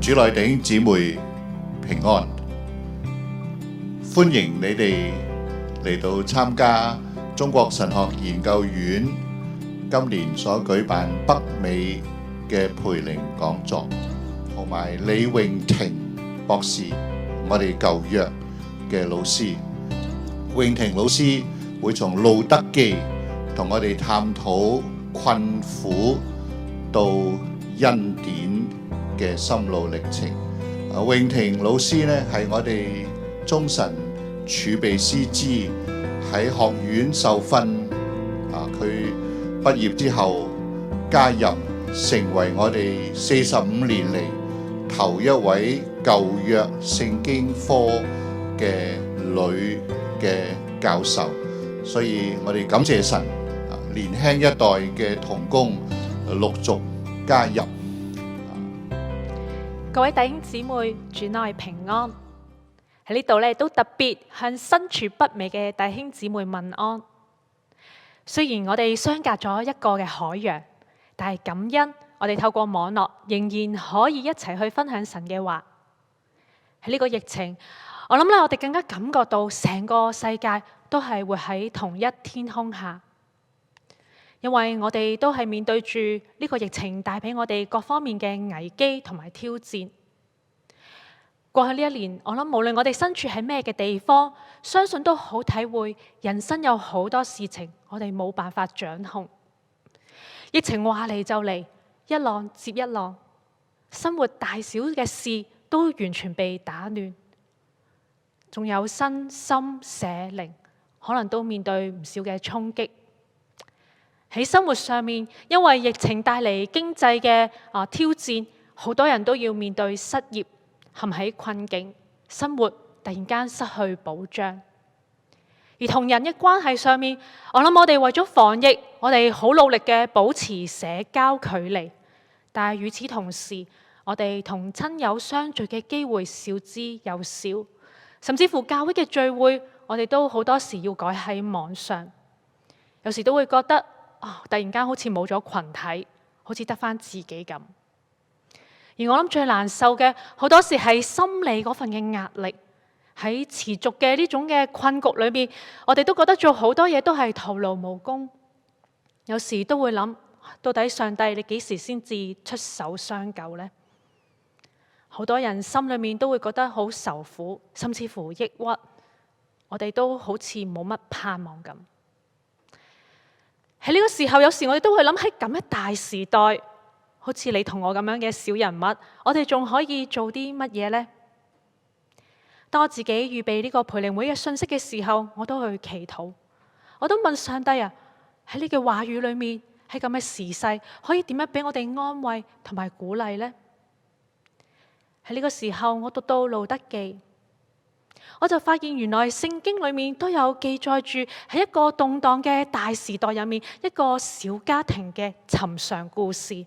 主內弟兄姊妹平安，歡迎你哋嚟到參加中國神學研究院今年所舉辦北美嘅培靈講座，同埋李穎婷博士，我哋舊約嘅老師，穎婷老師會從路得記同我哋探討困苦到恩典，嘅心路歷程，啊、穎婷老師咧係我哋中神儲備師資，喺學院受訓，啊佢畢業之後加入，成為我哋四十五年嚟頭一位舊約聖經科嘅女嘅教授，所以我哋感謝神，啊、年輕一代嘅同工陸、啊、續加入。各位弟兄姊妹，主內平安。喺呢度咧，都特別向身處北美嘅弟兄姊妹問安。雖然我哋相隔咗一個嘅海洋，但係感恩我哋透過網絡，仍然可以一齊去分享神嘅話。喺呢個疫情，我諗咧，我哋更加感覺到成個世界都係活喺同一天空下。因為我哋都係面對住呢個疫情帶俾我哋各方面嘅危機同埋挑戰。過去呢一年，我諗無論我哋身處喺咩嘅地方，相信都好體會，人生有好多事情我哋冇辦法掌控。疫情話嚟就嚟，一浪接一浪，生活大小嘅事都完全被打亂，仲有身心社靈，可能都面對唔少嘅衝擊。喺生活上面，因為疫情帶嚟經濟嘅啊挑戰，好多人都要面對失業、陷喺困境、生活突然間失去保障。而同人嘅關係上面，我諗我哋為咗防疫，我哋好努力嘅保持社交距離，但係與此同時，我哋同親友相聚嘅機會少之又少，甚至乎教會嘅聚會，我哋都好多時要改喺網上，有時都會覺得。哦，突然間好似冇咗群體，好似得翻自己咁。而我諗最難受嘅好多時係心理嗰份嘅壓力，喺持續嘅呢種嘅困局裏面，我哋都覺得做好多嘢都係徒勞無功。有時都會諗，到底上帝你幾時先至出手相救呢？好多人心裏面都會覺得好受苦，甚至乎抑鬱。我哋都好似冇乜盼望咁。喺呢個時候，有時我哋都會諗起咁一大時代，好似你同我咁樣嘅小人物，我哋仲可以做啲乜嘢呢？當我自己預備呢個培靈會嘅信息嘅時候，我都去祈禱，我都問上帝啊：喺呢句話語裏面，喺咁嘅時勢，可以點樣俾我哋安慰同埋鼓勵呢？喺呢個時候，我讀到《路得記》。我就發現，原來聖經裏面都有記載住喺一個動盪嘅大時代入面，一個小家庭嘅尋常故事。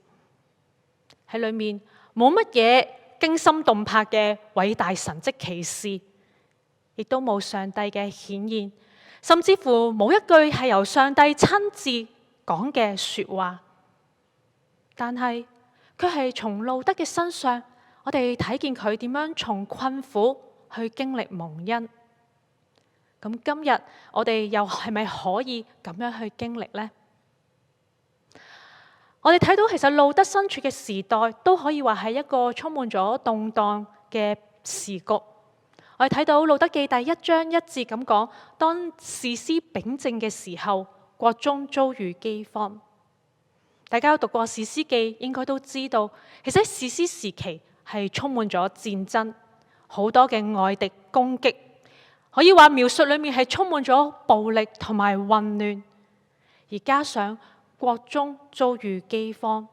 喺裏面冇乜嘢驚心動魄嘅偉大神蹟奇事，亦都冇上帝嘅顯現，甚至乎冇一句係由上帝親自講嘅說話。但係佢係從路得嘅身上，我哋睇見佢點樣從困苦，去經歷蒙恩，咁今日我哋又係咪可以咁樣去經歷呢？我哋睇到其實路得身處嘅時代都可以話係一個充滿咗動盪嘅時局。我哋睇到《路得記》第一章一節咁講，當士師秉政嘅時候，國中遭遇饑荒。大家都讀過《士師記》，應該都知道，其實喺士師時期係充滿咗戰爭。好多嘅外敵攻擊，可以話描述裏面係充滿咗暴力同埋混亂，而加上國中遭遇饑荒，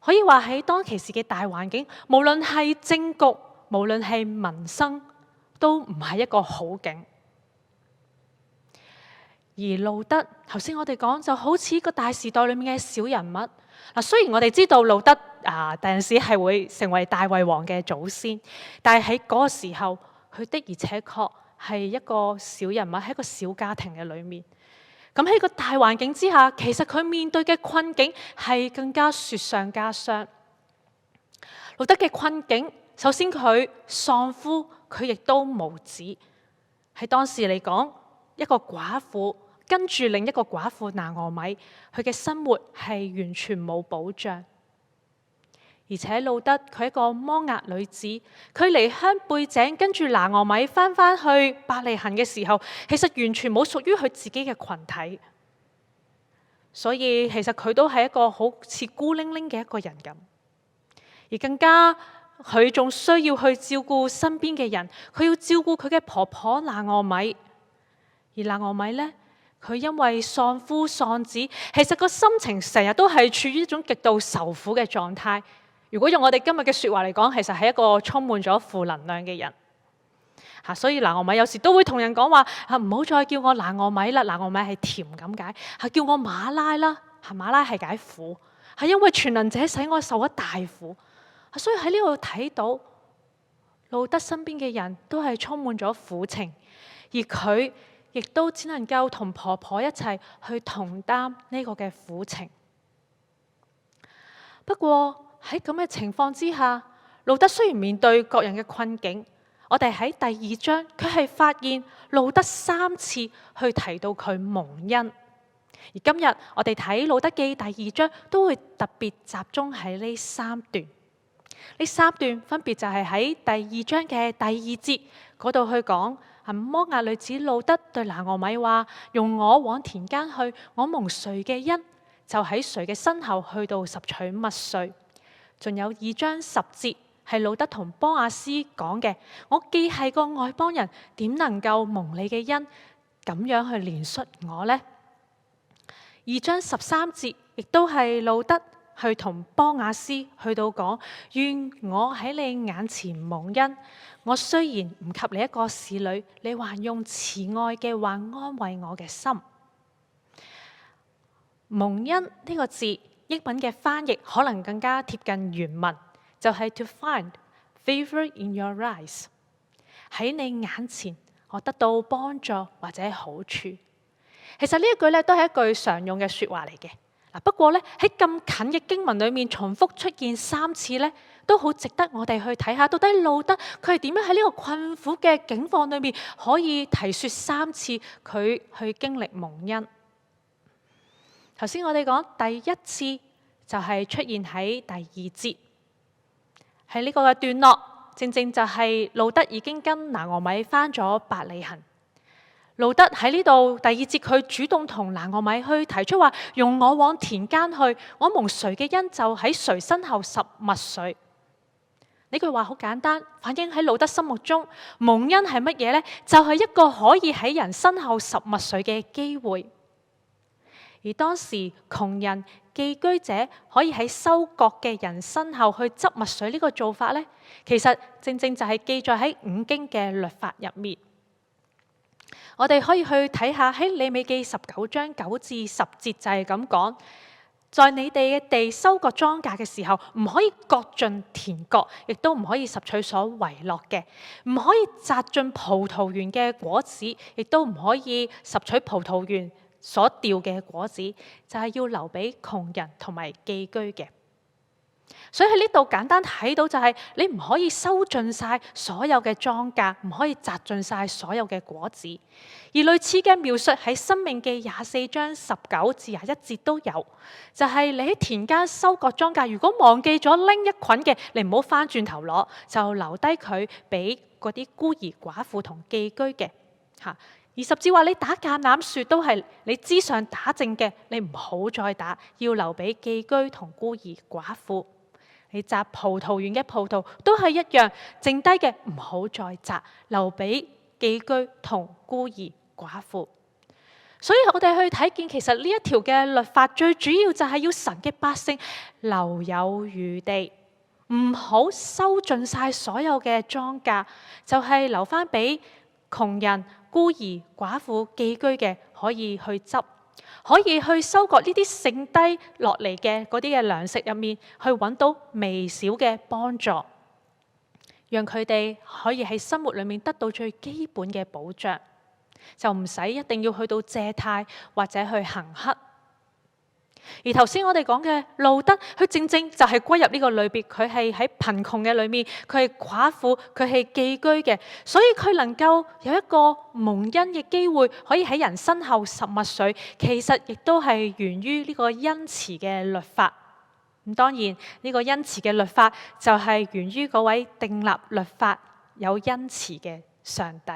可以話喺當其時嘅大環境，無論係政局，無論係民生，都唔係一個好景。而路得，頭先我哋講，就好似個大時代裏面嘅小人物。嗱，雖然我哋知道路德啊，第陣時係會成為大衛王嘅祖先，但係喺嗰個時候，佢的而且確係一個小人物喺一個小家庭嘅裏面。咁喺個大環境之下，其實佢面對嘅困境係更加雪上加霜。路德嘅困境，首先佢喪夫，佢亦都無子，喺當時嚟講一個寡婦。跟住另一個寡婦拿俄米，佢嘅生活係完全冇保障，而且路得，佢一個摩押女子。佢離鄉背井，跟住拿俄米翻返去伯利恆嘅時候，其實完全冇屬於佢自己嘅群體。所以其實佢都係一個好似孤零零嘅一個人咁，而更加佢仲需要去照顧身邊嘅人，佢要照顧佢嘅婆婆拿俄米，而拿俄米呢？佢因為喪夫喪子，其實個心情成日都係處於一種極度受苦嘅狀態。如果用我哋今日嘅説話嚟講，其實係一個充滿咗負能量嘅人。嚇，所以拿俄米有時都會同人講話嚇，唔、啊、好再叫我拿俄米啦，拿俄米係甜咁解，係、啊、叫我瑪拉啦，係、啊、瑪拉係解苦，係、啊、因為全能者使我受咗大苦。所以喺呢度睇到路得身邊嘅人都係充滿咗苦情，而佢，亦都只能夠同婆婆一齊去同擔呢個嘅苦情。不過喺咁嘅情況之下，路得雖然面對各人嘅困境，我哋喺第二章佢係發現路得三次去提到佢蒙恩。而今日我哋睇路得記第二章，都會特別集中喺呢三段。呢三段分別就係喺第二章嘅第二節嗰度去講。摩押女子路得對拿俄米話：用我往田間去，我蒙誰嘅恩，就喺誰嘅身後去到拾取麥穗。仲有二章十節係路得同波亞斯講嘅：我既係個外邦人，點能夠蒙你嘅恩？咁樣去憐恤我呢？」二章十三節亦都係路得去同波亞斯去到講：願我喺你眼前蒙恩。我雖然唔及你一個侍女，你還用慈愛嘅話安慰我嘅心。蒙恩呢個字，英文嘅翻譯可能更加貼近原文，就係、是、to find favor in your eyes。喺你眼前，我得到幫助或者好處。其實這句呢一句咧，都係一句常用嘅說話嚟嘅。不過呢，喺咁近嘅經文裏面重複出現三次呢，都好值得我哋去睇下，到底路得佢係點樣喺呢個困苦嘅境況裏面可以提説三次佢去經歷蒙恩。頭先我哋講第一次就係出現喺第二節，喺呢個嘅段落，正正就係路得已經跟拿俄米返咗伯利恆。路得喺呢度第二節，佢主動同拿俄米去提出話，用我往田間去，我蒙誰嘅恩就喺誰身後拾麥穗。」呢句話好簡單，反映喺路得心目中，蒙恩係乜嘢呢？就係、是、一個可以喺人身後拾麥穗嘅機會。而當時窮人寄居者可以喺收割嘅人身後去執麥穗呢個做法呢，其實正正就係記載喺五經嘅律法入面。我哋可以去睇下喺利未記十九章九至十節就係咁講，在你哋嘅地收割莊稼嘅時候，唔可以割盡田角，亦都唔可以拾取所遺落嘅；唔可以摘盡葡萄園嘅果子，亦都唔可以拾取葡萄園所掉嘅果子，就係、是、要留俾窮人同埋寄居嘅。所以喺呢度簡單睇到就係你唔可以收盡晒所有嘅莊稼，唔可以摘盡晒所有嘅果子。而類似嘅描述喺《申命記》廿四章十九至廿一節都有，就係你喺田間收割莊稼，如果忘記咗拎一捆嘅，你唔好翻轉頭攞，就留低佢俾嗰啲孤兒寡婦同寄居嘅嚇。而甚至話你打橄欖樹都係你枝上打剩嘅，你唔好再打，要留俾寄居同孤兒寡婦。你摘葡萄園嘅葡萄都係一樣，剩低嘅唔好再摘，留俾寄居同孤兒寡婦。所以我哋去睇見，其實呢一條嘅律法最主要就係要神嘅百姓留有餘地，唔好收盡曬所有嘅莊稼，就係留翻俾窮人、孤兒、寡婦、寄居嘅可以去執。可以去收割呢啲剩低落嚟嘅嗰啲嘅糧食入面，去揾到微小嘅幫助，讓佢哋可以喺生活裏面得到最基本嘅保障，就唔使一定要去到借貸或者去行乞。而頭先我哋講嘅路得，佢正正就係歸入呢個類別，佢係喺貧窮嘅裏面，佢係寡婦，佢係寄居嘅，所以佢能夠有一個蒙恩嘅機會，可以喺人身後拾物水，其實亦都係源於呢個恩慈嘅律法。咁當然呢個恩慈嘅律法就係源於嗰位訂立律法有恩慈嘅上帝。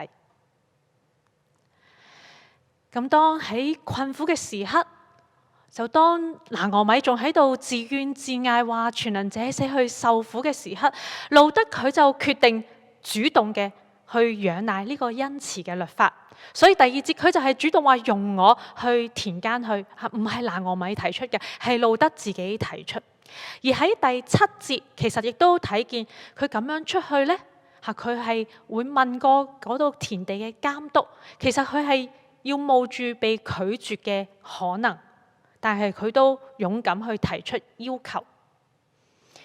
咁當喺困苦嘅時刻，就當拿俄米仲喺度自怨自艾，話全能者死去受苦嘅時刻，路得佢就決定主動嘅去仰賴呢個恩慈嘅律法。所以第二節佢就係主動話，容我去田間去。嚇，唔係拿俄米提出嘅，係路得自己提出。而喺第七節，其實亦都睇見佢咁樣出去呢，嚇佢係會問過嗰度田地嘅監督，其實佢係要冒住被拒絕嘅可能。但係佢都勇敢去提出要求。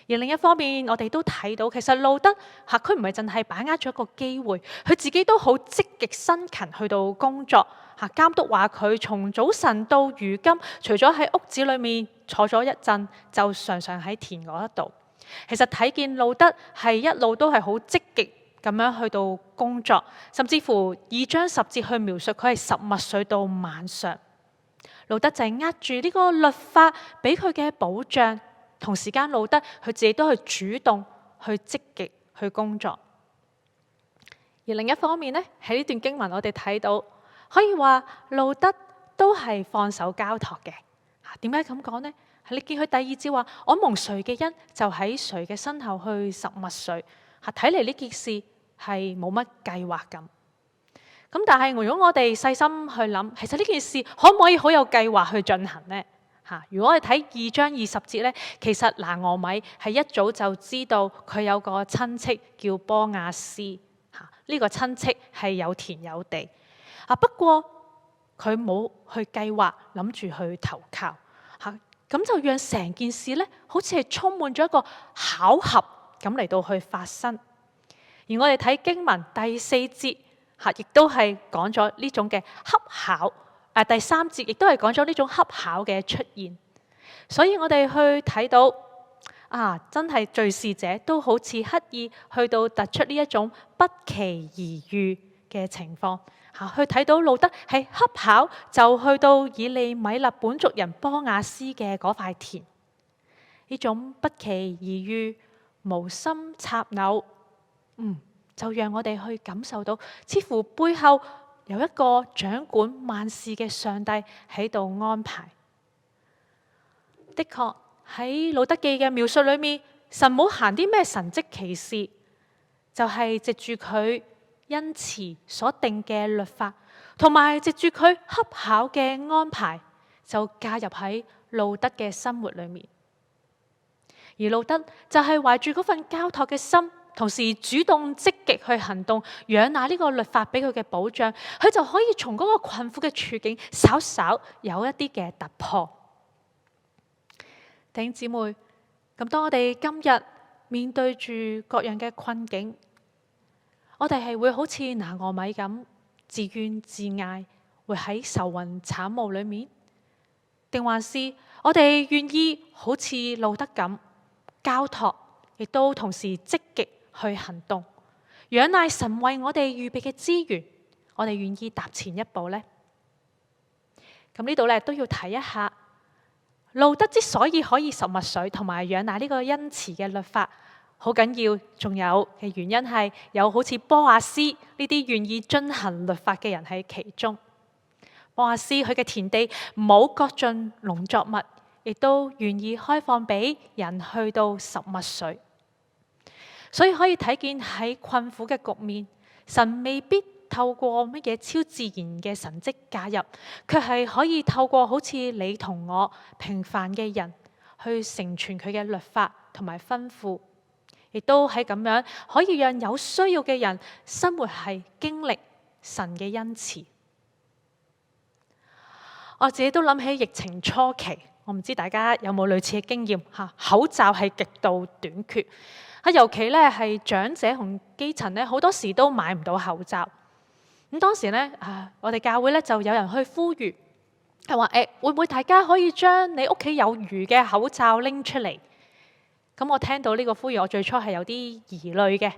而另一方面，我哋都睇到其實路德佢唔係淨係把握咗一個機會，佢自己都好積極辛勤去到工作。監督話佢從早晨到如今，除咗喺屋子裏面坐咗一陣，就常常喺田嗰度。其實睇見路德係一路都係好積極咁樣去到工作，甚至乎以章十節去描述佢係拾麥穗到晚上。路得就係握住呢個律法，俾佢嘅保障同時間，路得佢自己都去主動去積極去工作。而另一方面呢，喺呢段經文我哋睇到，可以話路得都係放手交託嘅。點解咁講呢？你見佢第二節話：我蒙誰嘅恩，就喺誰嘅身後去拾麥穗。嚇，睇嚟呢件事係冇乜計劃咁。咁但係如果我哋細心去諗，其實呢件事可唔可以好有計劃去進行呢？如果我哋睇二章二十節呢，其實拿俄米係一早就知道佢有個親戚叫波亞斯，呢、呢個親戚係有田有地。啊不過佢冇去計劃，諗住去投靠吓，咁就讓成件事呢好似係充滿咗一個巧合咁嚟到去發生。而我哋睇經文第四節。亦都係講咗呢種嘅恰巧，誒、啊、第三節亦都係講咗呢種恰巧嘅出現。所以我哋去睇到啊，真係敘事者都好似刻意去到突出呢一種不期而遇嘅情況。嚇、啊！去睇到路得係恰巧就去到以利米勒本族人波雅斯嘅嗰塊田，呢種不期而遇、無心插柳，嗯。就讓我哋去感受到，似乎背後有一個掌管萬事嘅上帝喺度安排。的確喺路得記嘅描述裏面，神冇行啲咩神跡奇事，就係藉住佢恩慈所定嘅律法，同埋藉住佢恰巧嘅安排，就介入喺路得嘅生活裏面。而路得就係懷住嗰份交託嘅心。同時主動積極去行動，養下呢個律法俾佢嘅保障，佢就可以從嗰個困苦嘅處境稍稍有一啲嘅突破。弟兄姊妹，咁當我哋今日面對住各樣嘅困境，我哋係會好似拿俄米咁自怨自艾，會喺愁雲慘霧裏面，定還是我哋願意好似路得咁交託，亦都同時積極，去行動，仰賴神為我哋預備嘅資源，我哋願意踏前一步呢？咁呢度咧都要提一下，路德之所以可以拾麥穗同埋仰賴呢個恩慈嘅律法，好緊要。仲有嘅原因係有好似波亞斯呢啲願意遵行律法嘅人喺其中。波亞斯佢嘅田地冇割盡農作物，亦都願意開放俾人去到拾麥穗。所以可以睇見喺困苦嘅局面，神未必透過乜嘢超自然嘅神蹟介入，卻係可以透過好似你同我平凡嘅人去成全佢嘅律法同埋吩咐，亦都喺咁樣可以讓有需要嘅人生活係經歷神嘅恩慈。我自己都諗起疫情初期，我唔知大家有冇類似嘅經驗嚇？口罩係極度短缺。嚇，尤其咧係長者同基層咧，好多時都買唔到口罩。咁當時咧，啊，我哋教會咧就有人去呼籲，佢話誒，會唔會大家可以將你屋企有餘嘅口罩拎出嚟？咁我聽到呢個呼籲，我最初係有啲疑慮嘅，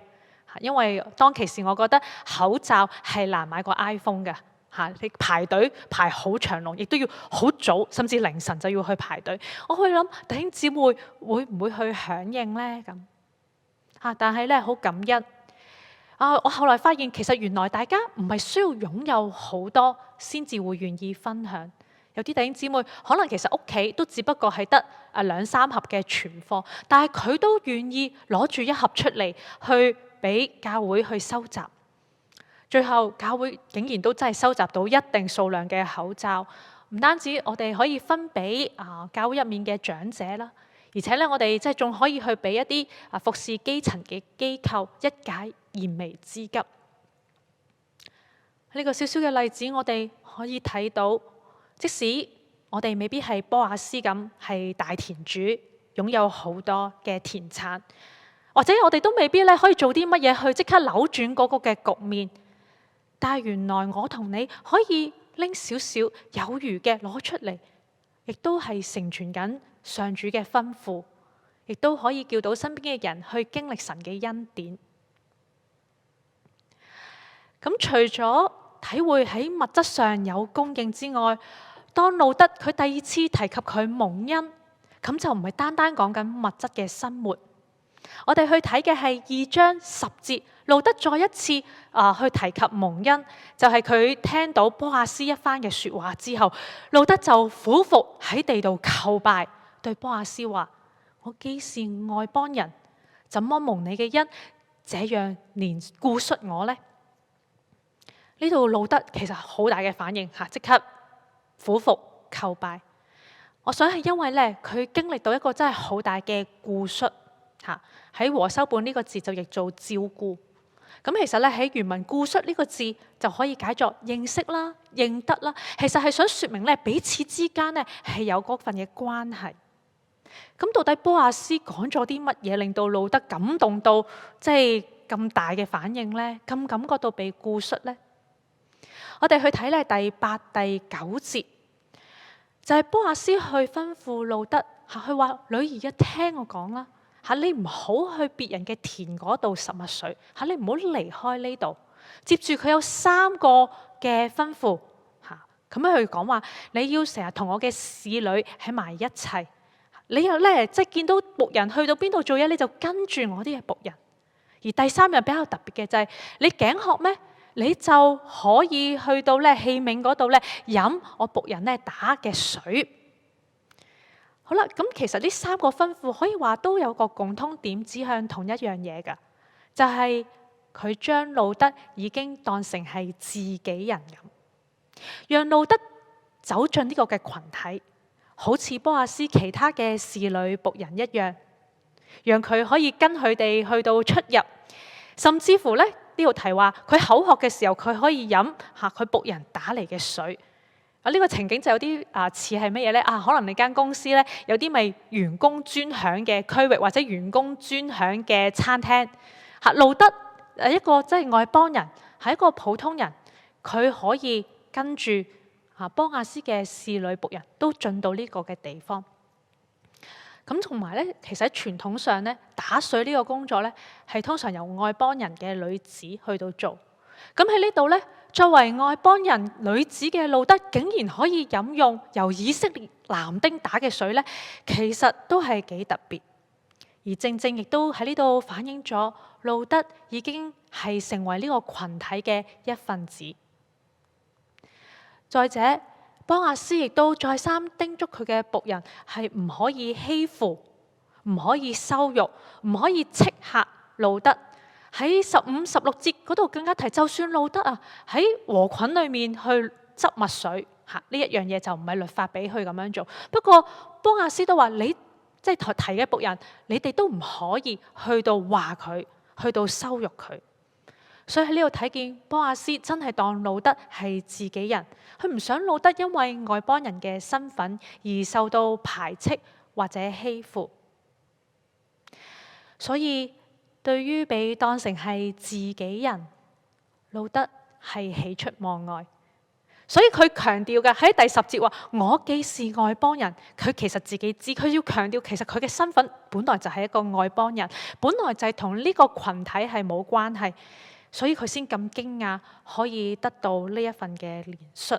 因為當其時我覺得口罩係難買過 iPhone 嘅嚇，啊，你排隊排好長龍，亦都要好早，甚至凌晨就要去排隊。我去諗，弟兄姊妹會，會唔會去響應咧？咁。但係咧，好感恩啊、呃！我後來發現，其實原來大家唔係需要擁有好多，先至會願意分享。有啲弟兄姊妹可能其實屋企都只不過係得啊兩三盒嘅存貨，但係佢都願意攞住一盒出嚟，去俾教會去收集。最後教會竟然都真係收集到一定數量嘅口罩，唔單止我哋可以分俾啊、呃、教會入面嘅長者啦。而且咧，我哋即係仲可以去俾一啲啊服侍基層嘅機構一解燃眉之急。呢個小小嘅例子，我哋可以睇到，即使我哋未必係波阿斯咁係大田主，擁有好多嘅田產，或者我哋都未必咧可以做啲乜嘢去即刻扭轉嗰個嘅局面。但係原來我同你可以拎少少有餘嘅攞出嚟，亦都係成全緊上主嘅吩咐，亦都可以叫到身邊嘅人去經歷神嘅恩典。咁除咗體會喺物質上有供應之外，當路德佢第二次提及佢蒙恩，咁就唔係單單講緊物質嘅生活。我哋去睇嘅係二章十節，路德再一次啊、呃、去提及蒙恩，就係、是、佢聽到波阿斯一番嘅說話之後，路德就俯伏喺地度叩拜。對波亞斯話：我既是外邦人，怎麼蒙你嘅恩，這樣連顧恤我呢？呢度老德其實好大嘅反應吓，即刻俯伏叩拜。我想係因為咧，佢經歷到一個真係好大嘅顧恤吓。喺和修本呢個字就譯做照顧咁，其實咧喺原文顧恤呢個字就可以解作認識啦、認得啦。其實係想說明咧，彼此之間呢係有嗰份嘅關係。咁到底波亞斯講咗啲乜嘢，令到路德感動到即係咁大嘅反應呢？咁感覺到被顧恤呢？我哋去睇咧第八、第九節，就係波亞斯去吩咐路德，吓佢話女兒一聽我講啦，吓你唔好去別人嘅田嗰度拾麥穗，吓你唔好離開呢度。接住佢有三個嘅吩咐，吓咁樣去講話，你要成日同我嘅侍女喺埋一齊。你又咧，即係見到僕人去到邊度做嘢，你就跟住我啲嘅僕人。而第三樣比較特別嘅就係，你頸渴咩，你就可以去到咧器皿嗰度咧飲我僕人咧打嘅水。好啦，咁其實呢三個吩咐可以話都有個共通點，指向同一樣嘢噶，就係佢將路德已經當成係自己人咁，讓路德走進呢個嘅群體。好似波亞斯其他嘅侍女僕人一樣，讓佢可以跟佢哋去到出入，甚至乎咧呢度提話，佢、這個、口渴嘅時候佢可以飲吓佢僕人打嚟嘅水啊！呢、這個情景就有啲啊似係乜嘢呢？啊，可能你間公司呢，有啲咪員工專享嘅區域或者員工專享嘅餐廳吓，路、啊、得誒一個即係、就是、外邦人，係一個普通人，佢可以跟住。波阿斯嘅侍女僕人都進到呢個嘅地方。咁同埋咧，其實喺傳統上咧，打水呢個工作咧，係通常由外邦人嘅女子去到做。咁喺呢度咧，作為外邦人女子嘅路得，竟然可以飲用由以色列男丁打嘅水咧，其實都係幾特別。而正正亦都喺呢度反映咗路得已經係成為呢個群體嘅一份子。再者，邦亞斯亦都再三叮囑佢嘅僕人係唔可以欺負、唔可以羞辱、唔可以斥嚇路得。喺十五、十六節嗰度更加提，就算路得啊，喺禾捆裏面去執麥穗，嚇呢一樣嘢就唔係律法俾佢咁樣做。不過邦亞斯都話，你即係提嘅僕人，你哋都唔可以去到話佢，去到羞辱佢。所以喺呢度睇見波亞斯真係當路得係自己人，佢唔想路得因為外邦人嘅身份而受到排斥或者欺負。所以對於被當成係自己人，路得係喜出望外。所以佢強調嘅喺第十節話：我既是外邦人，佢其實自己知，佢要強調其實佢嘅身份本來就係一個外邦人，本來就係同呢個群體係冇關係。所以佢先咁驚訝，可以得到呢一份嘅憐恤。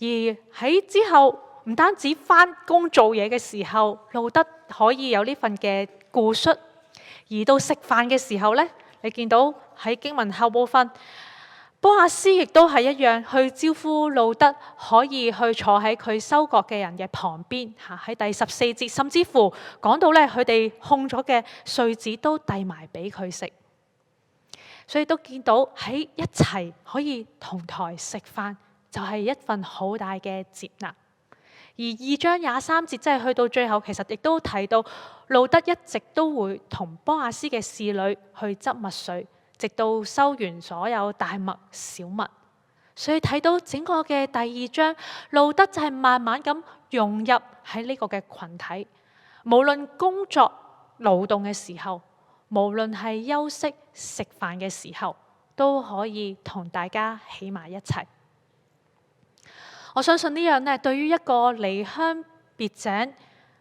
而喺之後，唔單止返工做嘢嘅時候，路德可以有呢份嘅顧恤；而到食飯嘅時候呢，你見到喺經文後部分，波阿斯亦都係一樣去招呼路德，可以去坐喺佢收割嘅人嘅旁邊嚇。喺第十四節，甚至乎講到咧，佢哋烘咗嘅穗子都遞埋俾佢食。所以都見到喺一齊可以同台食飯，就係一份好大嘅接納。而二章廿三節即係去到最後，其實亦都提到路德一直都會同波亞斯嘅侍女去執麥穗，直到收完所有大麥小麥。所以睇到整個嘅第二章，路德就係慢慢咁融入喺呢個嘅群體，無論工作勞動嘅時候。無論係休息、食飯嘅時候，都可以同大家喺埋一齊。我相信呢樣咧，對於一個離鄉別井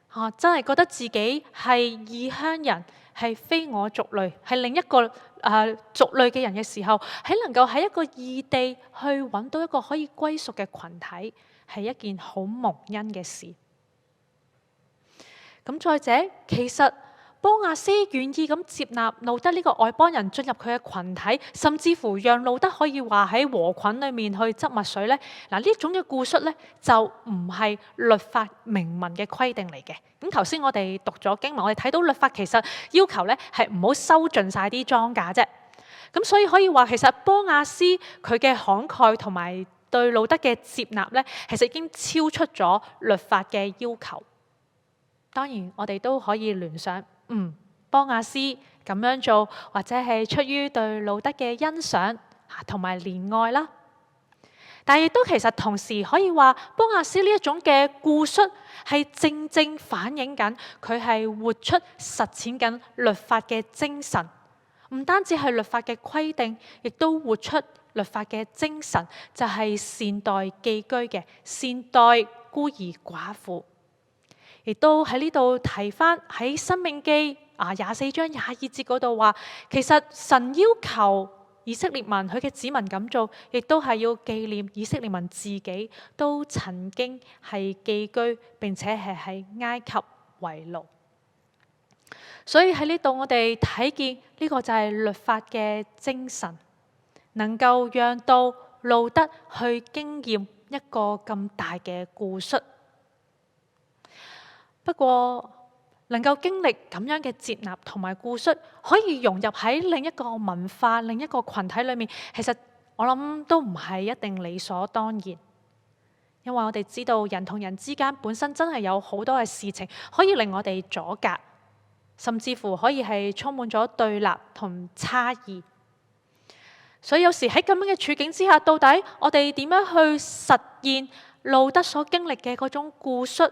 啊，真係覺得自己係異鄉人，係非我族類，係另一個啊、呃、族類嘅人嘅時候，喺能夠喺一個異地去揾到一個可以歸屬嘅群體，係一件好蒙恩嘅事。咁再者，其實。波亞斯願意咁接納路德呢個外邦人進入佢嘅群體，甚至乎讓路德可以話喺禾捆裏面去執麥穗。呢，嗱，呢種嘅顧恤呢，就唔係律法明文嘅規定嚟嘅。咁頭先我哋讀咗經文，我哋睇到律法其實要求呢，係唔好收盡晒啲莊稼啫。咁所以可以話，其實波亞斯佢嘅慷慨同埋對路德嘅接納呢，其實已經超出咗律法嘅要求。當然，我哋都可以聯想。嗯，波阿斯咁樣做，或者係出於對路得嘅欣賞同埋憐愛啦。但亦都其實同時可以話，波阿斯呢一種嘅顧恤，係正正反映緊佢係活出實踐緊律法嘅精神。唔單止係律法嘅規定，亦都活出律法嘅精神，就係、是、善待寄居嘅、善待孤兒寡婦。亦都喺呢度提翻喺《申命記》啊廿四章廿二節嗰度話，其實神要求以色列民佢嘅子民咁做，亦都係要紀念以色列民自己都曾經係寄居，並且係喺埃及為奴。所以喺呢度我哋睇見呢個就係律法嘅精神，能夠讓到路得去經驗一個咁大嘅顧恤。不過，能夠經歷咁樣嘅接納同埋顧恤，可以融入喺另一個文化、另一個群體裏面，其實我諗都唔係一定理所當然。因為我哋知道人同人之間本身真係有好多嘅事情，可以令我哋阻隔，甚至乎可以係充滿咗對立同差異。所以有時喺咁樣嘅處境之下，到底我哋點樣去實現路得所經歷嘅嗰種顧恤？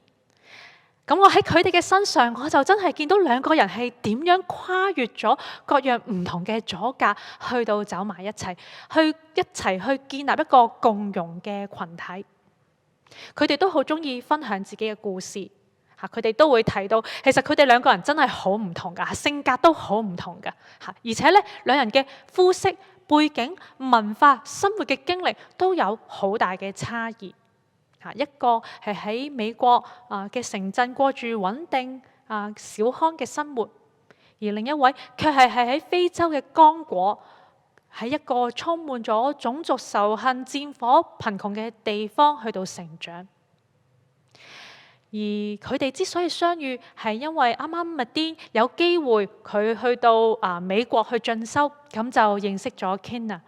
咁我喺佢哋嘅身上，我就真係見到兩個人係點樣跨越咗各樣唔同嘅阻隔，去到走埋一齊，去一齊去建立一個共融嘅群體，佢哋都好鍾意分享自己嘅故事，吓，佢哋都會提到，其實佢哋兩個人真係好唔同噶，性格都好唔同噶，嚇，而且咧，兩人嘅膚色、背景、文化、生活嘅經歷都有好大嘅差異。一個係喺美國啊嘅城鎮過住穩定啊小康嘅生活，而另一位卻係係喺非洲嘅剛果喺一個充滿咗種族仇恨、戰火、貧窮嘅地方去到成長。而佢哋之所以相遇，係因為啱啱麥啲有機會佢去到啊美國去進修，咁就認識咗 Ken 啊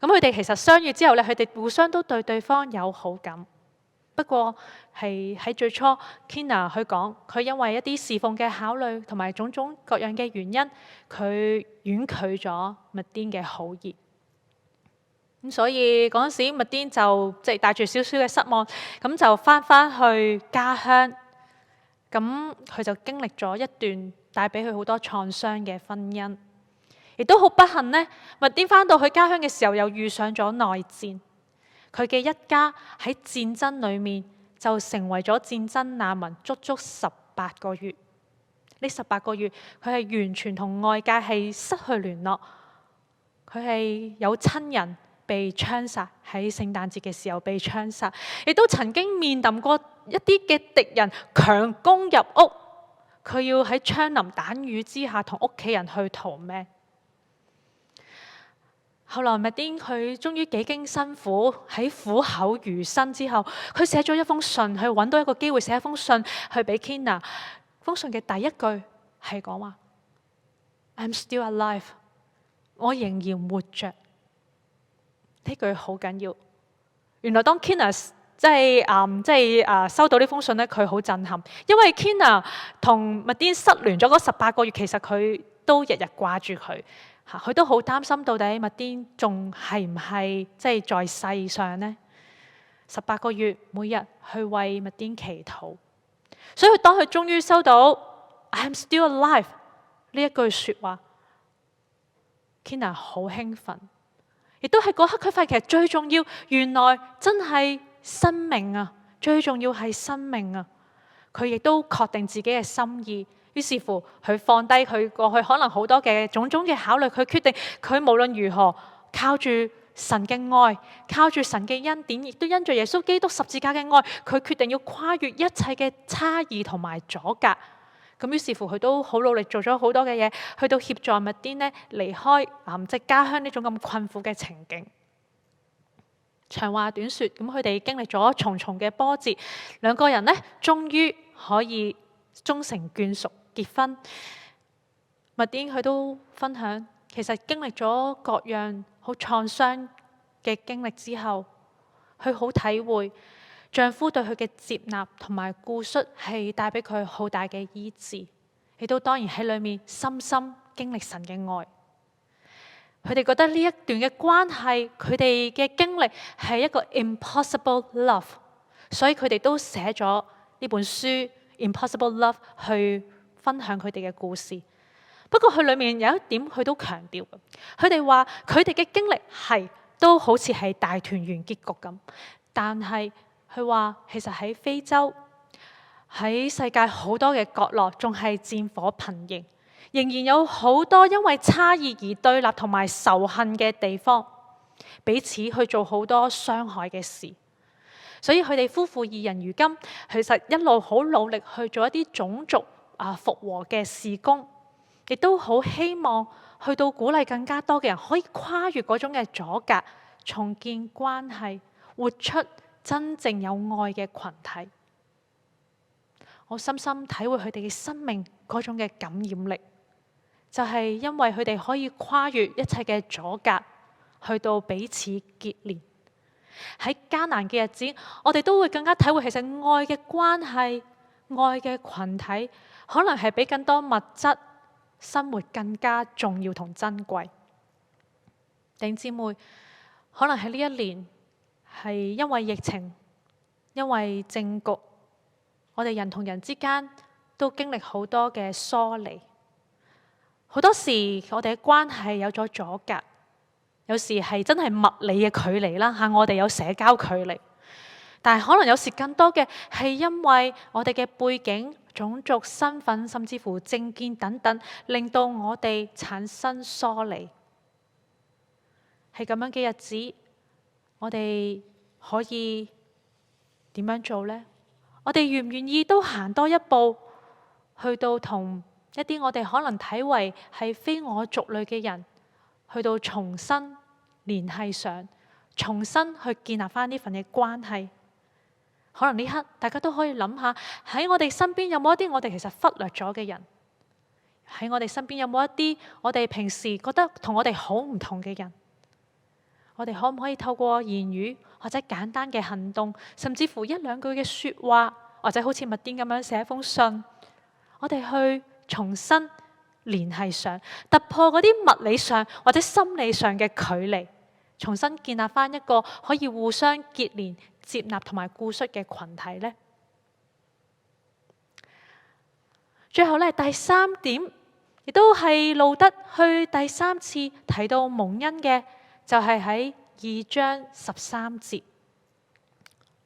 ，a 咁佢哋其實相遇之後咧，佢哋互相都對對方有好感。不過係喺最初，Kenna 佢講，佢因為一啲侍奉嘅考慮同埋種種各樣嘅原因，佢婉拒咗麥丁嘅好意。咁所以嗰陣時，麥丁就即係帶住少少嘅失望，咁就翻翻去家鄉。咁佢就經歷咗一段帶俾佢好多創傷嘅婚姻，亦都好不幸呢，麥丁翻到去家鄉嘅時候，又遇上咗內戰。佢嘅一家喺戰爭裏面就成為咗戰爭難民，足足十八個月。呢十八個月，佢係完全同外界係失去聯絡。佢係有親人被槍殺，喺聖誕節嘅時候被槍殺，亦都曾經面臨過一啲嘅敵人強攻入屋。佢要喺槍林彈雨之下同屋企人去逃命。後來麥丁佢終於幾經辛苦喺苦口如心之後，佢寫咗一封信，佢揾到一個機會寫一封信去俾 Kenna。封信嘅第一句係講話，I'm still alive。我仍然活着。呢句好緊要。原來當 Kenna 即係、嗯、即係、啊、收到呢封信咧，佢好震撼，因為 Kenna 同麥丁失聯咗嗰十八個月，其實佢都日日掛住佢。佢都好擔心，到底麥丁仲係唔係即係在世上呢？十八個月，每日去為麥丁祈禱，所以當佢終於收到 I am still alive 呢一句說話，Kenna 好興奮，亦都係嗰刻佢發現其實最重要，原來真係生命啊！最重要係生命啊！佢亦都確定自己嘅心意。於是乎，佢放低佢過去可能好多嘅種種嘅考慮，佢決定佢無論如何靠住神嘅愛，靠住神嘅恩典，亦都因住耶穌基督十字架嘅愛，佢決定要跨越一切嘅差異同埋阻隔。咁於是乎，佢都好努力做咗好多嘅嘢，去到協助麥丁呢離開即係家鄉呢種咁困苦嘅情景。長話短説，咁佢哋經歷咗重重嘅波折，兩個人呢終於可以終成眷屬。結婚，麥典佢都分享。其實經歷咗各樣好創傷嘅經歷之後，佢好體會丈夫對佢嘅接納同埋顧恤係帶俾佢好大嘅醫治，亦都當然喺裏面深深經歷神嘅愛。佢哋覺得呢一段嘅關係，佢哋嘅經歷係一個 impossible love，所以佢哋都寫咗呢本書《Impossible Love》去分享佢哋嘅故事，不過佢裏面有一點佢都強調，佢哋話佢哋嘅經歷係都好似係大團圓結局咁，但係佢話其實喺非洲喺世界好多嘅角落仲係戰火頻仍，仍然有好多因為差異而對立同埋仇恨嘅地方，彼此去做好多傷害嘅事，所以佢哋夫婦二人如今其實一路好努力去做一啲種族。啊！復和嘅事工，亦都好希望去到鼓勵更加多嘅人可以跨越嗰種嘅阻隔，重建關係，活出真正有愛嘅群體。我深深體會佢哋嘅生命嗰種嘅感染力，就係因為佢哋可以跨越一切嘅阻隔，去到彼此結連。喺艱難嘅日子，我哋都會更加體會，其實愛嘅關係、愛嘅群體，可能係比更多物質生活更加重要同珍貴。弟兄姊妹，可能喺呢一年係因為疫情，因為政局，我哋人同人之間都經歷好多嘅疏離，好多時我哋嘅關係有咗阻隔，有時係真係物理嘅距離啦吓，我哋有社交距離，但係可能有時更多嘅係因為我哋嘅背景，種族、身份，甚至乎政見等等，令到我哋產生疏離。係咁樣嘅日子，我哋可以點樣做呢？我哋願唔願意都行多一步，去到同一啲我哋可能睇為係非我族類嘅人，去到重新聯繫上，重新去建立翻呢份嘅關係？可能呢刻大家都可以諗下，喺我哋身邊有冇一啲我哋其實忽略咗嘅人？喺我哋身邊有冇一啲我哋平時覺得跟我很不同的我哋好唔同嘅人？我哋可唔可以透過言語或者簡單嘅行動，甚至乎一兩句嘅說話或者好似麥丁咁樣寫一封信，我哋去重新聯繫上，突破嗰啲物理上或者心理上嘅距離，重新建立翻一個可以互相結連。接納同埋顧恤嘅群體咧，最後咧第三點，亦都係路德去第三次提到蒙恩嘅，就係喺二章十三節，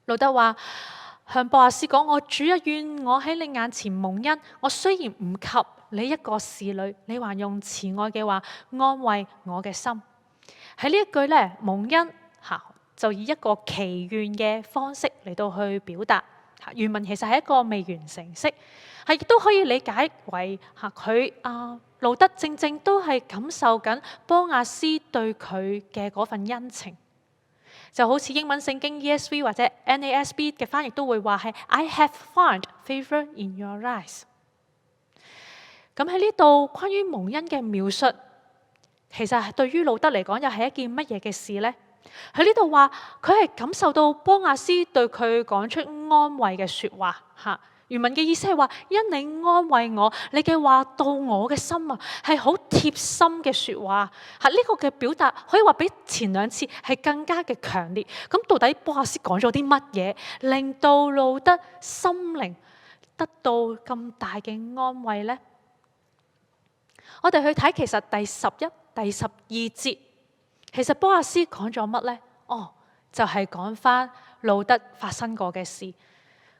路德話向波阿斯講：我主啊，願我喺你眼前蒙恩。我雖然唔及你一個侍女，你還用慈愛嘅話安慰我嘅心。喺呢一句咧，蒙恩吓。就以一個祈願嘅方式嚟到去表達。原文其實係一個未完成式，係亦都可以理解為嚇佢啊，路得正正都係感受緊波阿斯對佢嘅嗰份恩情。就好似英文聖經 ESV 或者 NASB 嘅翻譯都會話 I have found favor in your eyes。咁喺呢度關於蒙恩嘅描述，其實對對於路得嚟講又係一件乜嘢嘅事呢？喺呢度話佢係感受到波亞斯對佢講出安慰嘅說話吓，原文嘅意思係話因你安慰我，你嘅話到我嘅心啊，係好貼心嘅說話吓。呢個嘅表達可以話比前兩次係更加嘅強烈。咁到底波亞斯講咗啲乜嘢，令到路得心靈得到咁大嘅安慰呢？我哋去睇其實第十一、第十二節。其實波阿斯講咗乜呢？哦，就係講翻路德發生過嘅事。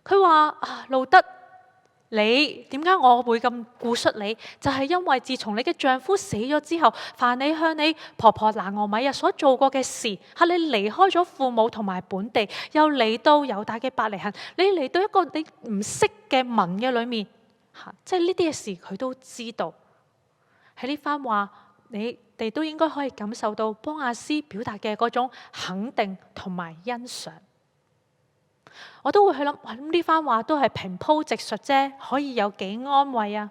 佢話：啊，路德，你點解我會咁顧恤你？就係、是、因為自從你嘅丈夫死咗之後，凡你向你婆婆拿俄米日所做過嘅事，嚇你離開咗父母同埋本地，又嚟到猶大嘅伯利恆，你嚟到一個你唔識嘅民嘅裏面，嚇、啊，即係呢啲嘅事佢都知道。喺呢番話。你哋都應該可以感受到波阿斯表達嘅嗰種肯定同埋欣賞，我都會去諗，呢番話都係平鋪直述啫，可以有幾安慰啊？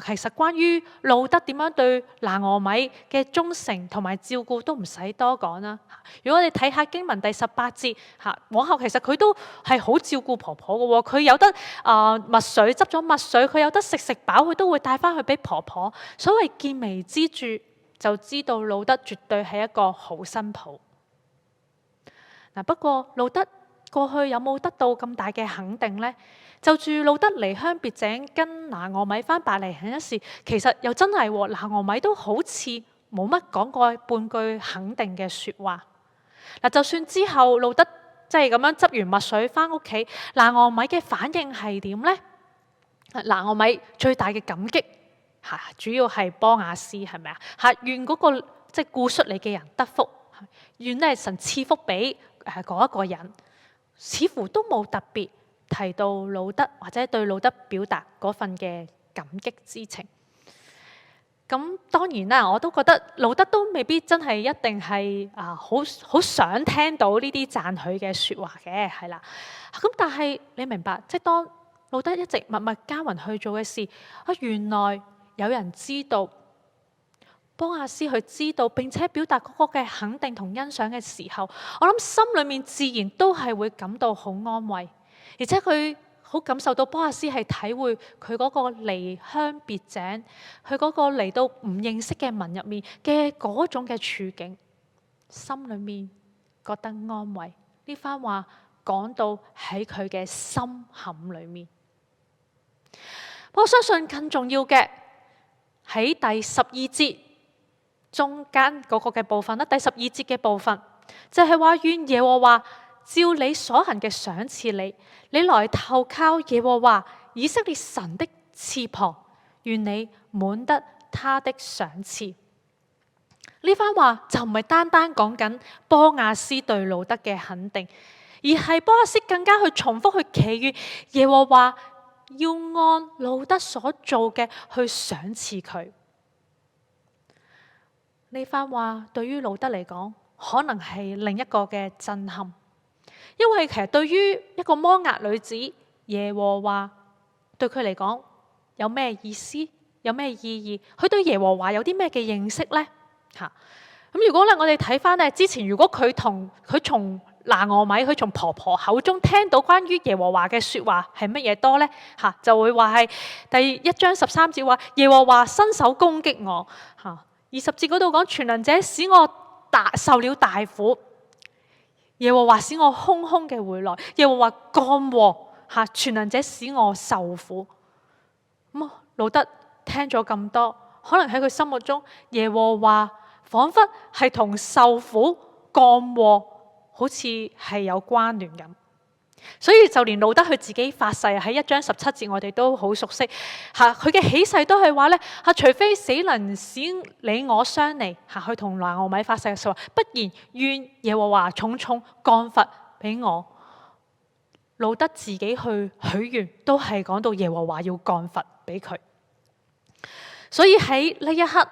其實關於路得點樣對南俄米嘅忠誠同埋照顧都唔使多講啦。如果你睇下經文第十八節吓，往後其實佢都係好照顧婆婆嘅。佢有得啊麥、呃、穗，執咗麥穗，佢有得食食飽，佢都會帶翻去俾婆婆。所謂見微知著，就知道路得絕對係一個好新抱嗱。不過路得，過去有冇得到咁大嘅肯定呢？就住路得離鄉別井，跟拿俄米翻伯利恒一事，其實又真係喎、啊。拿俄米都好似冇乜講過半句肯定嘅說話嗱。就算之後路得即係咁樣執完墨水翻屋企，拿俄米嘅反應係點呢？拿俄米最大嘅感激吓，主要係波阿斯係咪啊吓？願嗰個即係顧恤你嘅人得福，願咧神賜福俾誒嗰一個人。似乎都冇特別提到路得或者對路得表達嗰份嘅感激之情。咁當然啦，我都覺得路得都未必真係一定係啊好好想聽到呢啲讚許嘅説話嘅，係啦。咁但係你明白，即當路得一直默默耕耘去做嘅事，啊原來有人知道。波阿斯去知道，並且表達嗰個嘅肯定同欣賞嘅時候，我諗心裏面自然都係會感到好安慰，而且佢好感受到波阿斯係體會佢嗰個離鄉別井，佢嗰個嚟到唔認識嘅民入面嘅嗰種嘅處境，心裏面覺得安慰。呢番話講到喺佢嘅心坎裏面，我相信更重要嘅喺第十二節。中間嗰個嘅部分啦，第十二節嘅部分就係話願耶和華照你所行嘅賞賜你，你來投靠耶和華以色列神的翅膀，願你滿得他的賞賜。呢番話就唔係單單講緊波亞斯對路得嘅肯定，而係波亞斯更加去重複去祈願耶和華要按路得所做嘅去賞賜佢。呢番話對於路得嚟講，可能係另一個嘅震撼，因為其實對於一個摩押女子耶和華，對佢嚟講有咩意思，有咩意義？佢對耶和華有啲咩嘅認識呢？吓，咁如果咧，我哋睇翻咧之前，如果佢同佢從拿俄米，佢從婆婆口中聽到關於耶和華嘅說話係乜嘢多呢？吓，就會話係第一章十三節話耶和華伸手攻擊我，吓。二十節嗰度講，全能者使我大受了大苦，耶和華使我空空嘅回來。耶和華降禍吓，全能者使我受苦。咁路得聽咗咁多，可能喺佢心目中，耶和華仿佛係同受苦、降禍，好似係有關聯咁。所以就連路德佢自己發誓喺一章十七節，我哋都好熟悉。吓，佢嘅起誓都係話咧，吓，除非死能使你我相離，吓去同拿俄米發誓嘅時候，不然願耶和華重重降罰俾我。路德自己去許願，都係講到耶和華要降罰俾佢。所以喺呢一刻，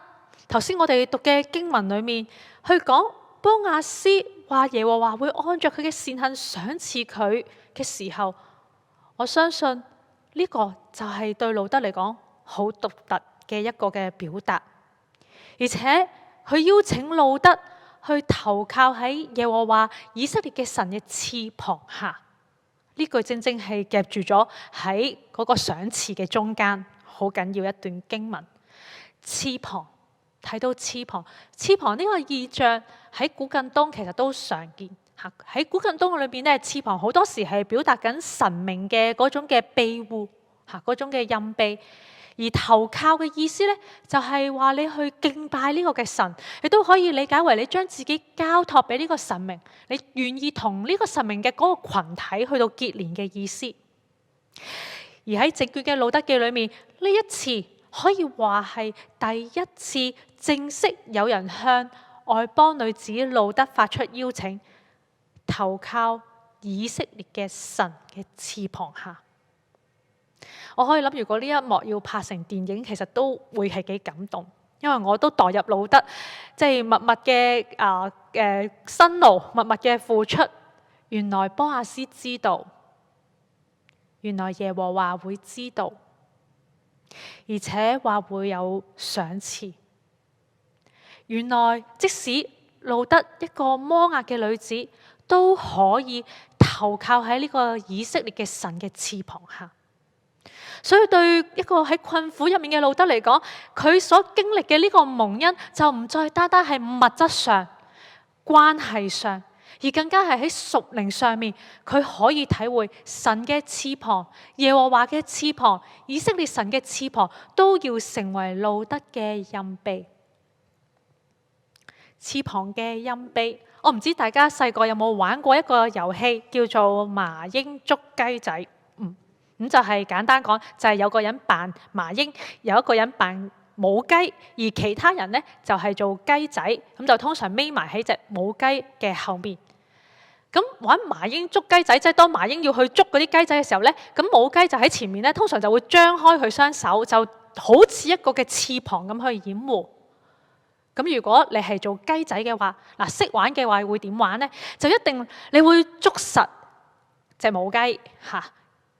頭先我哋讀嘅經文裏面，去講波亞斯話耶和華會按着佢嘅善行賞賜佢。嘅時候，我相信呢個就係對路得嚟講好獨特嘅一個嘅表達，而且佢邀請路得去投靠喺耶和華以色列嘅神嘅翅膀下。呢句正正係夾住咗喺嗰個賞賜嘅中間，好緊要一段經文旁。翅膀睇到翅膀，翅膀呢個意象喺古近東其實都常見。喺古近東嘅裏邊咧，翅膀好多時係表達緊神明嘅嗰種嘅庇護吓，嗰種嘅陰庇。而投靠嘅意思咧，就係話你去敬拜呢個嘅神，你都可以理解為你將自己交託俾呢個神明，你願意同呢個神明嘅嗰個羣體去到結連嘅意思。而喺《直卷》嘅路得記裏面，呢一次可以話係第一次正式有人向外邦女子路得發出邀請。投靠以色列嘅神嘅翅膀下，我可以諗，如果呢一幕要拍成電影，其實都會係幾感動，因為我都代入路得，即係默默嘅啊嘅辛勞，默默嘅付出。原來波阿斯知道，原來耶和華會知道，而且話會有賞賜。原來即使路得一個摩押嘅女子。都可以投靠喺呢個以色列嘅神嘅翅膀下，所以對一個喺困苦入面嘅路得嚟講，佢所經歷嘅呢個蒙恩就唔再單單係物質上、關係上，而更加係喺屬靈上面，佢可以體會神嘅翅膀、耶和華嘅翅膀、以色列神嘅翅膀都要成為路得嘅蔭庇，翅膀嘅蔭庇。我唔知大家細個有冇玩過一個遊戲叫做麻鷹捉雞仔，嗯，咁就係簡單講，就係有個人扮麻鷹，有一個人扮母雞，而其他人呢就係做雞仔，咁就通常匿埋喺隻母雞嘅後面。咁玩麻鷹捉雞仔，即係當麻鷹要去捉嗰啲雞仔嘅時候呢，咁母雞就喺前面呢，通常就會張開佢雙手，就好似一個嘅翅膀咁去掩護。咁如果你係做雞仔嘅話，嗱，識玩嘅話會點玩呢？就一定你會捉實隻母雞嚇，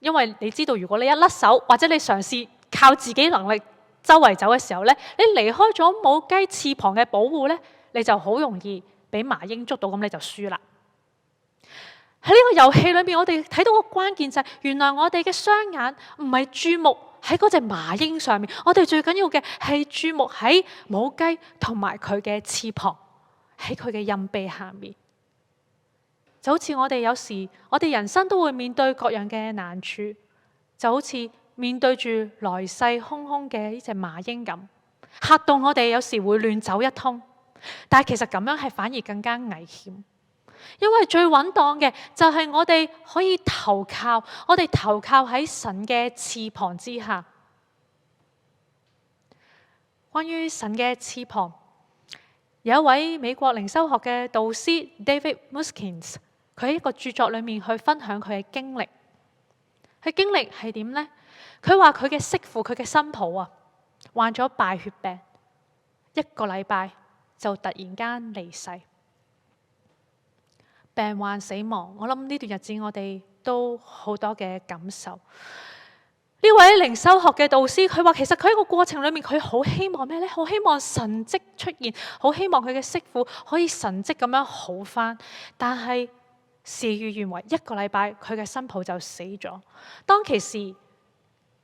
因為你知道如果你一甩手或者你嘗試靠自己能力周圍走嘅時候呢，你離開咗母雞翅膀嘅保護呢，你就好容易俾麻鷹捉到，咁你就輸啦。喺呢個遊戲裏面，我哋睇到個關鍵就係、是，原來我哋嘅雙眼唔係注目。喺嗰隻麻鷹上面，我哋最緊要嘅係注目喺母雞同埋佢嘅翅膀，喺佢嘅蔭庇下面，就好似我哋有時，我哋人生都會面對各樣嘅難處，就好似面對住來勢洶洶嘅呢隻麻鷹咁，嚇到我哋有時會亂走一通，但係其實咁樣係反而更加危險。因為最穩當嘅就係我哋可以投靠，我哋投靠喺神嘅翅膀之下。關於神嘅翅膀，有一位美國靈修學嘅導師 David Muskins，佢喺一個著作裏面去分享佢嘅經歷。佢經歷係點呢？佢話佢嘅媳婦，佢嘅新抱啊，患咗敗血病，一個禮拜就突然間離世。病患死亡，我諗呢段日子我哋都好多嘅感受。呢位靈修學嘅導師，佢話其實佢喺個過程裏面，佢好希望咩呢？好希望神蹟出現，好希望佢嘅媳婦可以神蹟咁樣好翻。但係事與願違，一個禮拜佢嘅新抱就死咗。當其時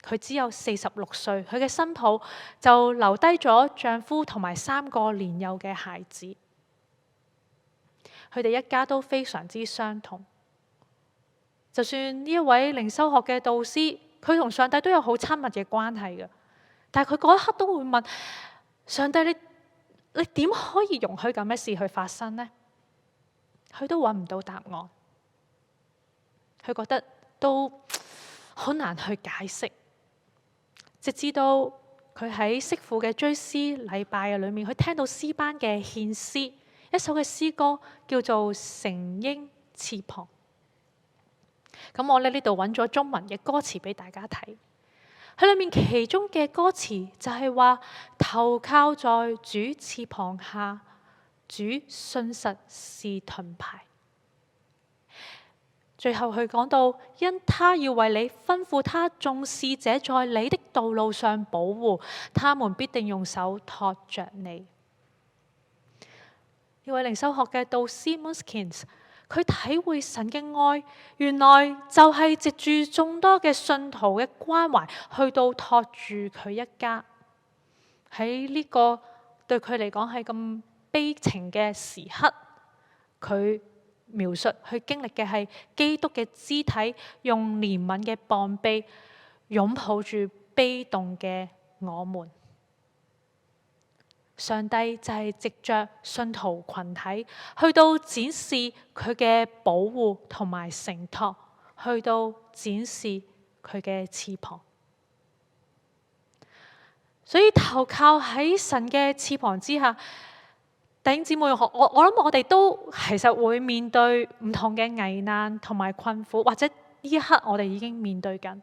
佢只有四十六歲，佢嘅新抱就留低咗丈夫同埋三個年幼嘅孩子。佢哋一家都非常之傷痛。就算呢一位靈修學嘅導師，佢同上帝都有好親密嘅關係嘅，但係佢嗰一刻都會問上帝：你你點可以容許咁嘅事去發生呢？佢都揾唔到答案。佢覺得都好難去解釋，直至到佢喺師父嘅追思禮拜嘅裏面，佢聽到詩班嘅獻詩。一首嘅詩歌叫做《成鷹翅膀》，咁我喺呢度揾咗中文嘅歌詞俾大家睇。佢裏面其中嘅歌詞就係話：投靠在主翅膀下，主信實是盾牌。最後佢講到：因他要為你吩咐他重視者，在你的道路上保護，他們必定用手托着你。呢位靈修學嘅導師 Muskins，佢體會神嘅愛，原來就係藉住眾多嘅信徒嘅關懷，去到托住佢一家。喺呢個對佢嚟講係咁悲情嘅時刻，佢描述佢經歷嘅係基督嘅肢體用憐憫嘅膀臂擁抱住悲慟嘅我們。上帝就係藉着信徒群體去到展示佢嘅保護同埋承托，去到展示佢嘅翅膀。所以投靠喺神嘅翅膀之下，弟兄姊妹，我我諗我哋都其實會面對唔同嘅危難同埋困苦，或者呢一刻我哋已經面對緊。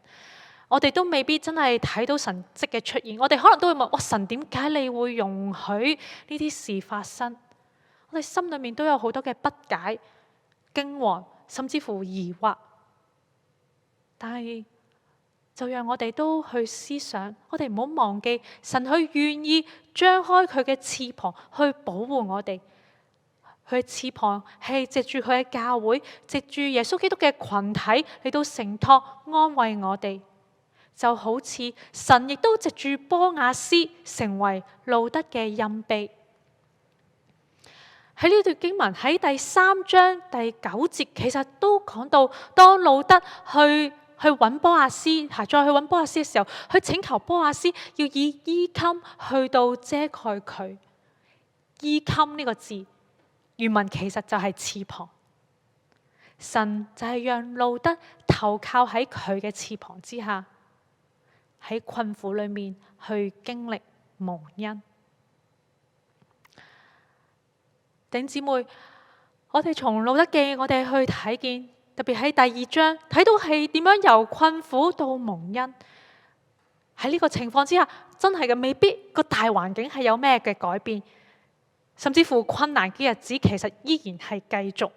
我哋都未必真係睇到神蹟嘅出現，我哋可能都會問：哇！神點解你會容許呢啲事發生？我哋心裏面都有好多嘅不解、驚惶，甚至乎疑惑。但係就讓我哋都去思想，我哋唔好忘記神佢願意張開佢嘅翅膀去保護我哋，佢嘅翅膀係藉住佢嘅教會，藉住耶穌基督嘅群體嚟到承托、安慰我哋。就好似神亦都藉住波亞斯成為路得嘅蔭庇。喺呢段經文喺第三章第九節，其實都講到當路得去去揾波亞斯吓，再去揾波亞斯嘅時候，佢請求波亞斯要以衣襟、e、去到遮蓋佢，衣襟呢個字原文其實就係翅膀，神就係讓路得投靠喺佢嘅翅膀之下。喺困苦裏面去經歷蒙恩，頂姊妹，我哋從路得記我哋去睇見，特別喺第二章睇到係點樣由困苦到蒙恩。喺呢個情況之下，真係嘅未必個大環境係有咩嘅改變，甚至乎困難嘅日子其實依然係繼續。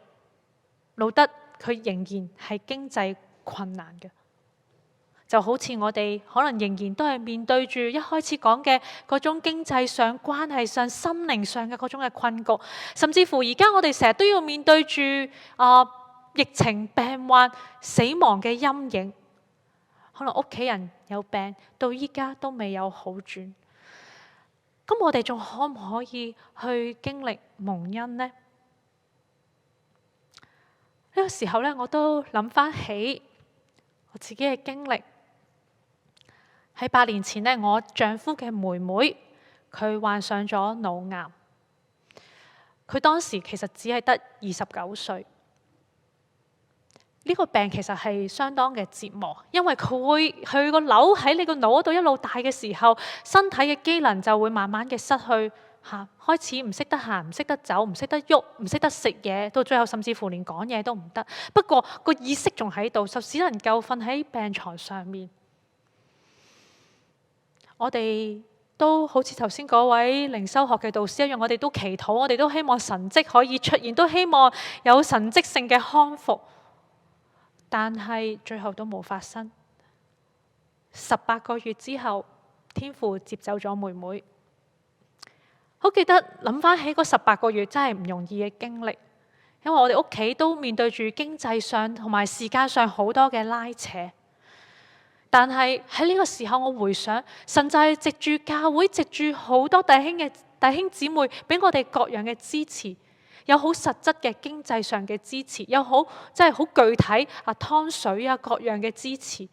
路得佢仍然係經濟困難嘅。就好似我哋可能仍然都係面對住一開始講嘅嗰種經濟上、關係上、心靈上嘅嗰種嘅困局，甚至乎而家我哋成日都要面對住啊、呃、疫情病患死亡嘅陰影，可能屋企人有病到依家都未有好轉，咁我哋仲可唔可以去經歷蒙恩呢？呢、這個呢個時候咧，我都諗翻起我自己嘅經歷。喺八年前呢，我丈夫嘅妹妹佢患上咗腦癌。佢當時其實只係得二十九歲。呢個病其實係相當嘅折磨，因為佢會佢個瘤喺你個腦嗰度一路大嘅時候，身體嘅機能就會慢慢嘅失去嚇，開始唔識得行、唔識得走、唔識得喐、唔識得食嘢，到最後甚至乎連講嘢都唔得。不過個意識仲喺度，就只能夠瞓喺病床上面。我哋都好似頭先嗰位靈修學嘅導師一樣，我哋都祈禱，我哋都希望神蹟可以出現，都希望有神蹟性嘅康復，但係最後都冇發生。十八個月之後，天父接走咗妹妹。好記得諗翻起嗰十八個月，真係唔容易嘅經歷，因為我哋屋企都面對住經濟上同埋時間上好多嘅拉扯。但係喺呢個時候，我回想，神就係藉住教會，藉住好多弟兄嘅弟兄姊妹，俾我哋各樣嘅支持，有好實質嘅經濟上嘅支持，有好即係好具體啊，湯水啊，各樣嘅支持。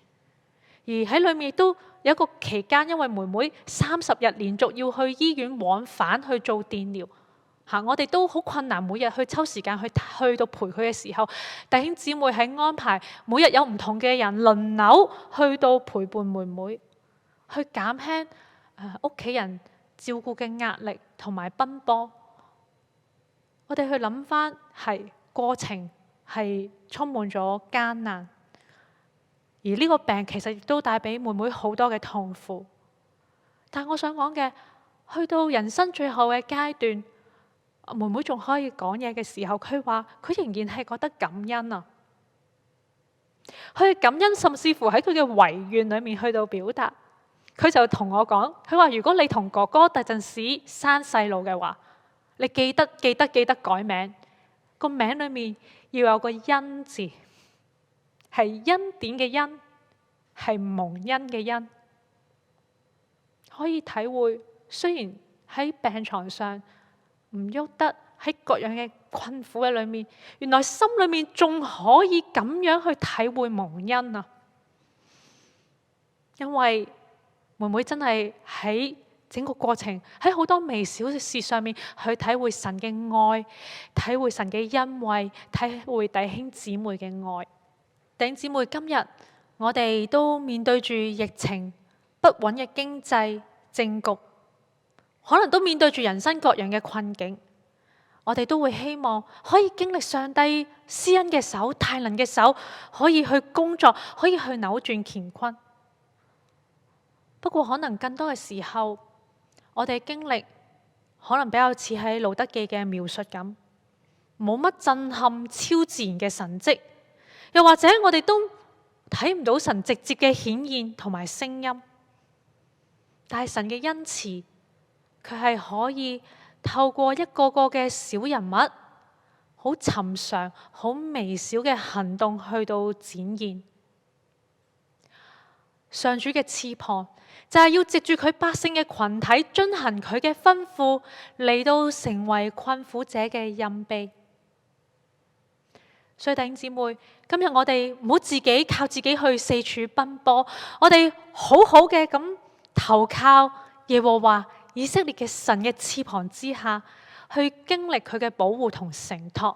而喺裏面亦都有一個期間，因為妹妹三十日連續要去醫院往返去做電療。我哋都好困難，每日去抽時間去去到陪佢嘅時候，弟兄姊妹喺安排每日有唔同嘅人輪流去到陪伴妹妹，去減輕屋企人照顧嘅壓力同埋奔波。我哋去諗翻係過程係充滿咗艱難，而呢個病其實亦都帶俾妹妹好多嘅痛苦。但我想講嘅，去到人生最後嘅階段。妹妹仲可以講嘢嘅時候，佢話佢仍然係覺得感恩啊。佢嘅感恩，甚至乎喺佢嘅遺願裏面去到表達，佢就同我講，佢話如果你同哥哥第陣時生細路嘅話，你記得記得記得改名，個名裏面要有個恩字，係恩典嘅恩，係蒙恩嘅恩。可以體會，雖然喺病床上。唔喐得喺各樣嘅困苦嘅裏面，原來心裏面仲可以咁樣去體會蒙恩啊！因為妹妹真係喺整個過程，喺好多微小嘅事上面去體會神嘅愛，體會神嘅恩惠，體會弟兄姊妹嘅愛。弟兄姊妹，今日我哋都面對住疫情、不穩嘅經濟、政局。可能都面對住人生各樣嘅困境，我哋都會希望可以經歷上帝施恩嘅手、大能嘅手，可以去工作，可以去扭轉乾坤。不過可能更多嘅時候，我哋嘅經歷可能比較似喺路德記嘅描述咁，冇乜震撼超自然嘅神蹟，又或者我哋都睇唔到神直接嘅顯現同埋聲音，但係神嘅恩慈。佢係可以透過一個個嘅小人物，好尋常、好微小嘅行動，去到展現上主嘅翅膀，就係要藉住佢百姓嘅群體進行佢嘅吩咐，嚟到成為困苦者嘅蔭庇。所以弟兄姊妹，今日我哋唔好自己靠自己去四處奔波，我哋好好嘅咁投靠耶和華。以色列嘅神嘅翅膀之下去經歷佢嘅保護同承托，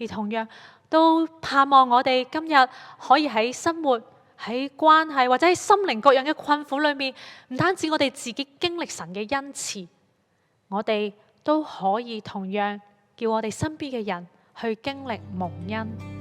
而同樣都盼望我哋今日可以喺生活、喺關係或者喺心靈各樣嘅困苦裏面，唔單止我哋自己經歷神嘅恩賜，我哋都可以同樣叫我哋身邊嘅人去經歷蒙恩。